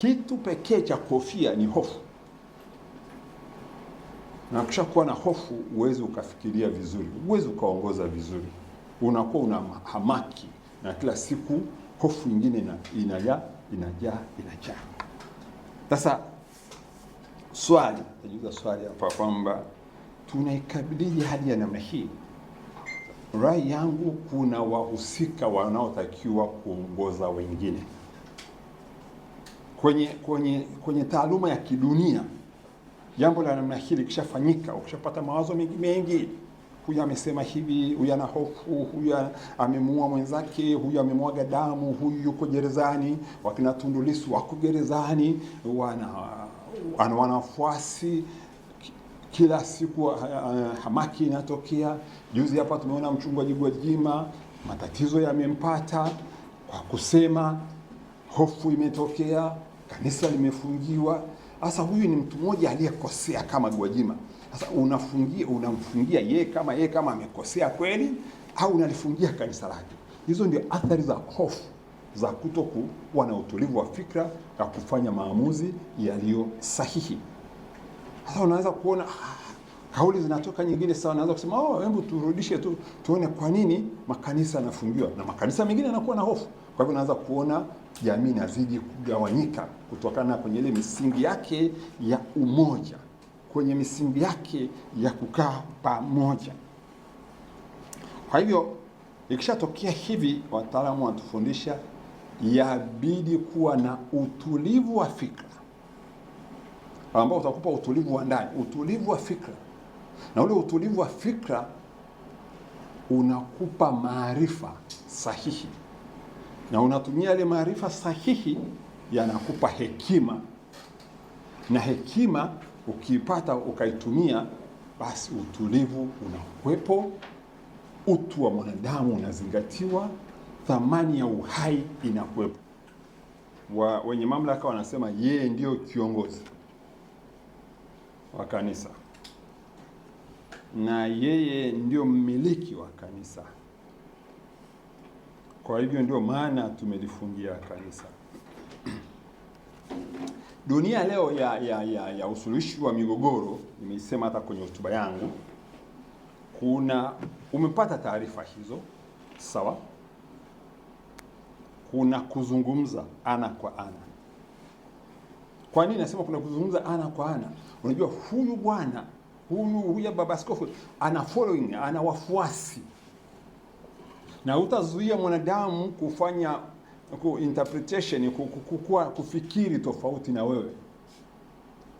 Kitu pekee cha kuhofia ni hofu, na kisha kuwa na hofu uwezi ukafikiria vizuri, uwezi ukaongoza vizuri, unakuwa una hamaki na kila siku hofu nyingine inajaa inajaa inajaa. Sasa swali najiuliza swali hapa kwamba tunaikabilije hali ya namna hii? Rai yangu kuna wahusika wanaotakiwa kuongoza wengine kwenye kwenye kwenye taaluma ya kidunia jambo la namna hili kishafanyika, ukishapata mawazo mengi mengi, huyu amesema hivi, huyu ana hofu, huyu amemuua mwenzake, huyu amemwaga damu, huyu yuko gerezani, wakina Tundu Lissu wako gerezani, wana ana wanafuasi kila siku, uh, hamaki inatokea. Juzi hapa tumeona mchungaji Gwajima matatizo yamempata kwa kusema, hofu imetokea kanisa limefungiwa. Sasa huyu ni mtu mmoja aliyekosea kama Gwajima. Sasa unafungia unamfungia yeye kama yeye kama amekosea kweli, au unalifungia kanisa lake? Hizo ndio athari za hofu za kuto kuwa na utulivu wa fikra na kufanya maamuzi yaliyo sahihi. Sasa unaweza kuona ah, kauli zinatoka nyingine, sawa, naanza kusema oh, hebu turudishe tu tuone kwa nini makanisa yanafungiwa na makanisa mengine yanakuwa na hofu. Kwa hivyo naanza kuona jamii inazidi kugawanyika kutokana kwenye ile misingi yake ya umoja, kwenye misingi yake ya kukaa pamoja. Kwa hivyo ikishatokea hivi, wataalamu wanatufundisha yabidi kuwa na utulivu wa fikra ambao utakupa utulivu wa ndani, utulivu wa fikra na ule utulivu wa fikra unakupa maarifa sahihi, na unatumia yale maarifa sahihi yanakupa hekima, na hekima ukiipata ukaitumia, basi utulivu unakuwepo, utu wa mwanadamu unazingatiwa, thamani ya uhai inakuwepo. Wa, wenye mamlaka wanasema yeye ndiyo kiongozi wa kanisa na yeye ndio mmiliki wa kanisa. Kwa hivyo ndio maana tumelifungia kanisa. Dunia leo ya, ya, ya, ya usuluhishi wa migogoro, nimeisema hata kwenye hotuba yangu, kuna umepata taarifa hizo, sawa. Kuna kuzungumza ana kwa ana. Kwa nini nasema kuna kuzungumza ana kwa ana? Unajua huyu bwana huyu huyu baba askofu ana following, ana wafuasi, na utazuia mwanadamu kufanya ku interpretation kukua, kufikiri tofauti na wewe.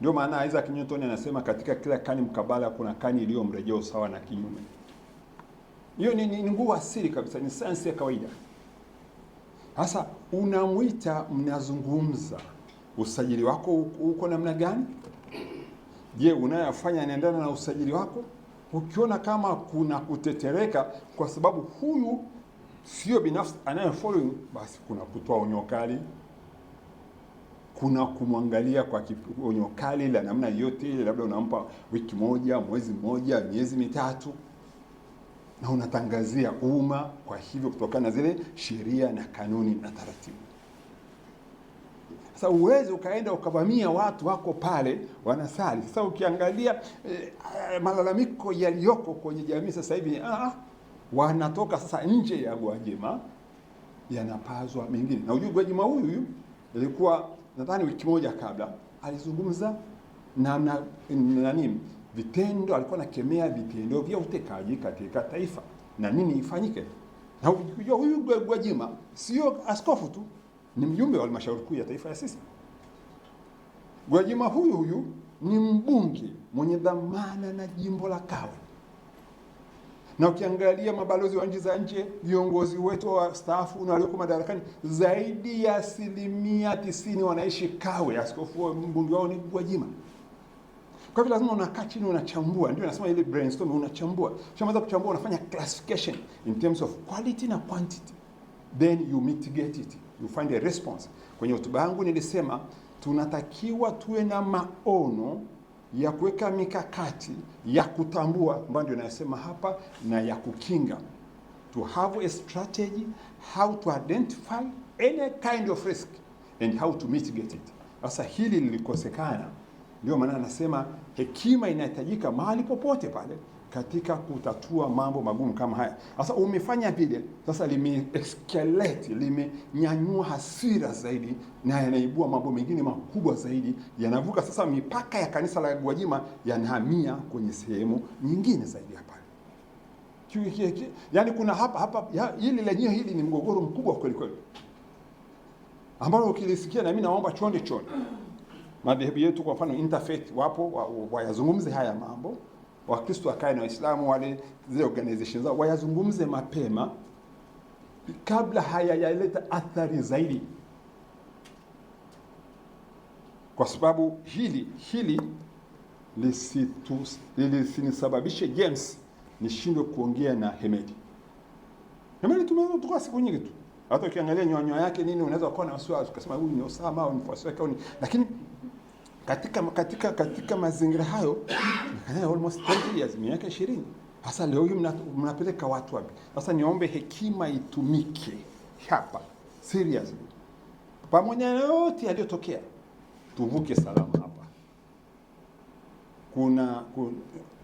Ndio maana Isaac Newton anasema katika kila kani mkabala kuna kani iliyo mrejeo sawa na kinyume. Hiyo ni, ni, ni nguvu asili kabisa, ni sayansi ya kawaida. Sasa unamwita, mnazungumza, usajili wako uko namna gani? Je, unayoyafanya yanaendana na usajili wako? Ukiona kama kuna kutetereka kwa sababu huyu sio binafsi anaye following, basi kuna kutoa onyo kali, kuna kumwangalia kwa onyo kali la namna yote ile, labda unampa wiki moja, mwezi mmoja, miezi mitatu, na unatangazia umma. Kwa hivyo kutokana na zile sheria na kanuni na taratibu sasa uwezi ukaenda ukavamia watu wako pale wanasali. Sasa ukiangalia eh, eh malalamiko yaliyoko kwenye jamii sasa hivi ah, ah, wanatoka sasa nje ya Gwajima yanapazwa mengine. Na ujue Gwajima huyu huyu ilikuwa nadhani wiki moja kabla alizungumza namna nani vitendo, alikuwa nakemea vitendo vya utekaji katika taifa na nini ifanyike, na ujua huyu Gwajima sio askofu tu ni mjumbe wa halmashauri kuu ya taifa ya sisi. Gwajima huyu huyu ni mbunge mwenye dhamana na jimbo la Kawe, na ukiangalia mabalozi wa nchi za nje, viongozi wetu wa staafu na walioko madarakani, zaidi ya asilimia tisini wanaishi Kawe. Askofu wa mbunge wao ni Gwajima. Kwa hivyo lazima unakaa chini unachambua, ndio nasema ile brainstorm, unachambua. Ukishamaliza kuchambua, unafanya classification in terms of quality na quantity, then you mitigate it you find a response. Kwenye hotuba yangu nilisema tunatakiwa tuwe na maono ya kuweka mikakati ya kutambua ambayo ndio inayosema hapa na ya kukinga, to have a strategy how to identify any kind of risk and how to mitigate it. Sasa hili lilikosekana, ndio maana anasema hekima inahitajika mahali popote pale katika kutatua mambo magumu kama haya. Sasa umefanya vile, sasa limeescalate, limenyanyua hasira zaidi na yanaibua mambo mengine makubwa zaidi, yanavuka sasa mipaka ya kanisa la Gwajima, yanahamia kwenye sehemu nyingine zaidi hapa. Yaani kuna hapa hapa ya, hili lenyewe hili ni mgogoro mkubwa kweli kweli, ambalo ukilisikia na mimi naomba chonde chonde madhehebu yetu, kwa mfano interfaith, wapo wayazungumze haya mambo Wakristo wakae na Waislamu wale zile organization zao wayazungumze mapema kabla hayayaleta athari zaidi, kwa sababu hili hili lisinisababishe James nishindwe kuongea na Hemedi. Hemedi tumetoka siku nyingi tu, hata ukiangalia nyonyo yake nini, unaweza ukawa na wasiwasi ukasema huyu ni Osama au ni lakini katika, katika, katika mazingira hayo eh, almost 20 years, miaka 20 Sasa leo hii mnapeleka watu wapi? Sasa niombe hekima itumike hapa seriously, pamoja na yote yaliyotokea, tuvuke salama hapa. Kuna, kuna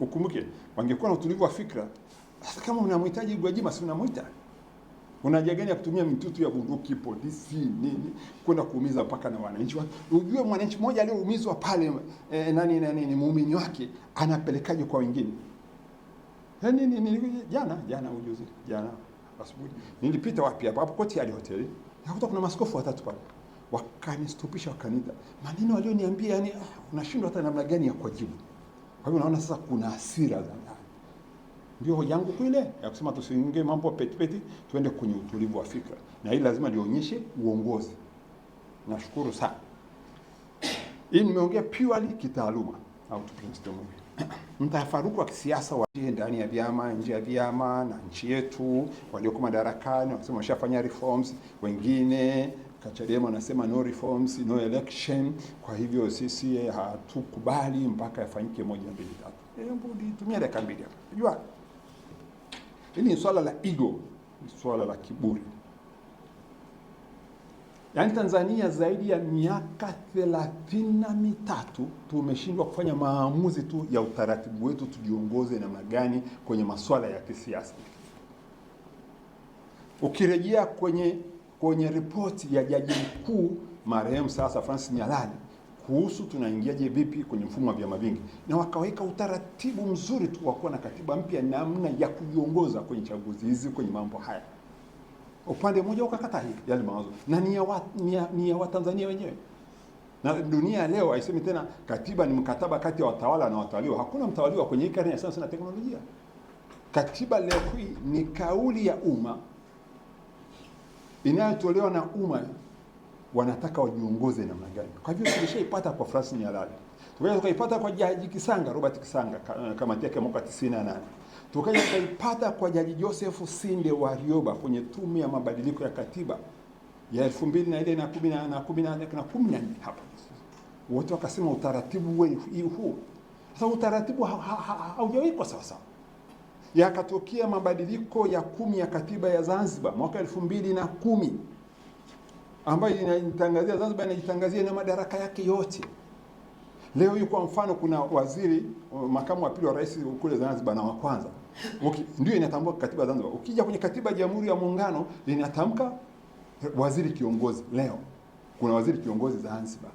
ukumbuke, wangekuwa na utulivu wa fikra. Sasa kama unamhitaji Gwajima, si unamuita Una haja gani ya kutumia mitutu ya bunduki, polisi, nini kwenda kuumiza mpaka na wananchi wake? Ujue mwananchi mmoja aliyeumizwa pale eh, nani nani ni muumini wake anapelekaje kwa wengine? Yaani ni, ni, jana jana ujuzi jana asubuhi nilipita wapi hapa hapo koti ya hoteli Nakuta kuna maskofu watatu pale wakanistupisha wakaniita. maneno walioniambia, yani ah, unashindwa hata namna gani ya kujibu. Kwa hiyo unaona sasa kuna hasira ndio hoja yangu kuu ya kusema tusiingie mambo peti peti, tuende kwenye utulivu wa fikra, na hili lazima lionyeshe uongozi. Nashukuru sana, hii nimeongea purely kitaaluma au to mtafaruku wa kisiasa wa ndani ya vyama, nje ya vyama na nchi yetu. Walioko madarakani wanasema washafanya reforms, wengine Kachadema anasema no reforms, no election. Kwa hivyo sisi eh, hatukubali mpaka yafanyike moja, mbili, tatu. Hebu eh, nitumie dakika mbili hapa. Unajua Hili ni swala la ego, ni swala la kiburi. Yaani Tanzania zaidi ya miaka thelathini na mitatu tumeshindwa kufanya maamuzi tu ya utaratibu wetu, tujiongoze namna gani kwenye masuala ya kisiasa. Ukirejea kwenye kwenye ripoti ya jaji mkuu marehemu sasa Francis Nyalali kuhusu tunaingiaje vipi kwenye mfumo wa vyama vingi, na wakaweka utaratibu mzuri tu wa kuwa na katiba mpya, namna ya kuiongoza kwenye chaguzi hizi, kwenye mambo haya. Upande mmoja ukakata hii yale mawazo, na ni ya Watanzania wenyewe na dunia leo haisemi tena katiba ni mkataba kati ya watawala na watawaliwa. Hakuna mtawaliwa kwenye karne ya sayansi na teknolojia. Katiba leo hii ni kauli ya umma inayotolewa na umma wanataka wajiongoze namna gani. Kwa hivyo tulishaipata kwa Francis Nyalali, tukaja tukaipata kwa Jaji Kisanga, Robert Kisanga, kamati yake mwaka 98 tukaja tukaipata kwa Jaji Joseph Sinde Warioba kwenye tume ya mabadiliko ya katiba ya 2014 na 2014 na 2014 na 2014 na hapa wote wakasema utaratibu wewe huu sasa. Utaratibu haujawekwa sawa sawa, yakatokea mabadiliko ya kumi ya katiba ya Zanzibar mwaka elfu mbili na kumi ambayo inajitangazia Zanzibar, inajitangazia na madaraka yake yote. Leo hii kwa mfano, kuna waziri makamu wa pili wa rais kule Zanzibar na wa kwanza ndio inatambua katiba Zanzibar. Ukija kwenye katiba ya Jamhuri ya Muungano inatamka waziri kiongozi. Leo kuna waziri kiongozi Zanzibar.